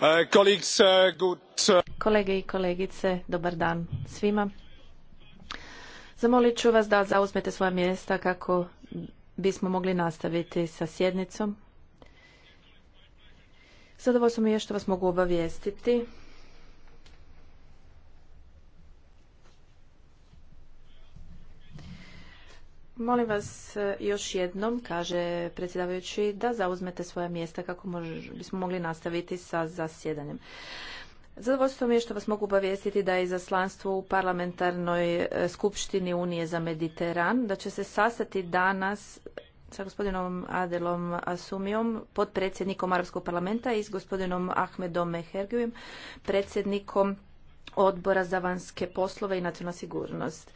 Uh, uh, uh, Kolege i kolegice, dobar dan svima. Zamolit ću vas da zauzmete svoja mjesta kako bismo mogli nastaviti sa sjednicom. Zadovoljstvo mi je što vas mogu obavijestiti Molim vas e, još jednom, kaže predsjedavajući, da zauzmete svoja mjesta kako bismo mogli nastaviti sa zasjedanjem. Zadovoljstvo mi je što vas mogu obavijestiti da je izaslanstvo u parlamentarnoj e, skupštini Unije za Mediteran, da će se sastati danas sa gospodinom Adelom Asumijom, podpredsjednikom Arabskog parlamenta i s gospodinom Ahmedom Hergivim, predsjednikom odbora za vanjske poslove i nacionalnu sigurnost.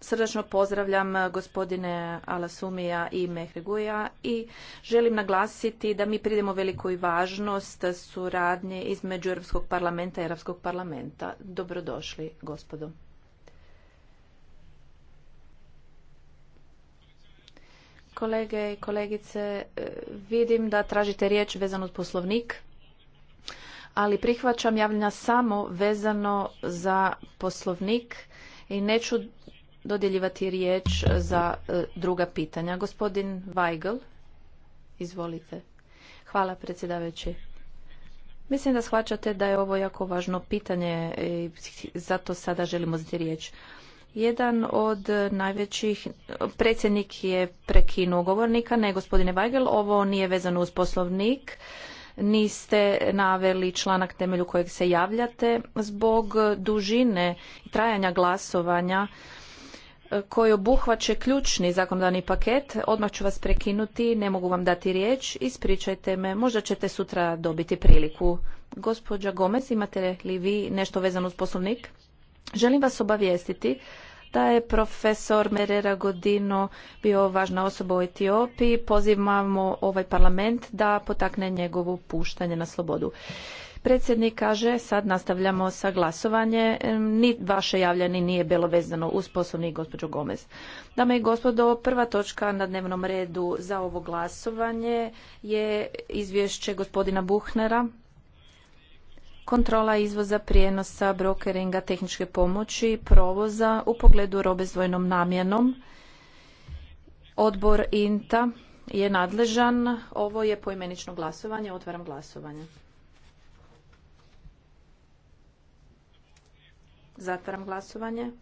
Srdačno pozdravljam eh, gospodine Alasumija i Mehreguja i želim naglasiti da mi pridemo veliku i važnost suradnje između Europskog parlamenta i Europskog parlamenta. Dobrodošli, gospodo. Kolege i kolegice, eh, vidim da tražite riječ vezano uz poslovnik ali prihvaćam javljanja samo vezano za poslovnik i neću dodjeljivati riječ za e, druga pitanja. Gospodin Weigel izvolite. Hvala predsjedavajući. Mislim da shvaćate da je ovo jako važno pitanje i zato sada želimo zati riječ. Jedan od najvećih, predsjednik je prekinuo govornika, ne gospodine Weigel, ovo nije vezano uz poslovnik niste naveli članak temelju kojeg se javljate zbog dužine i trajanja glasovanja e, koji obuhvaće ključni zakonodavni paket. Odmah ću vas prekinuti, ne mogu vam dati riječ, ispričajte me, možda ćete sutra dobiti priliku. Gospođa Gomez, imate li vi nešto vezano uz poslovnik? Želim vas obavijestiti da je profesor Merera Godino bio važna osoba u Etiopiji. Pozivamo ovaj parlament da potakne njegovo puštanje na slobodu. Predsjednik kaže, sad nastavljamo sa glasovanje. Ni vaše javljanje nije bilo vezano uz poslovnik gospođo Gomez. Dame i gospodo, prva točka na dnevnom redu za ovo glasovanje je izvješće gospodina Buhnera kontrola izvoza, prijenosa, brokeringa, tehničke pomoći, provoza u pogledu robe s namjenom. Odbor INTA je nadležan. Ovo je poimenično glasovanje. Otvaram glasovanje. Zatvaram glasovanje.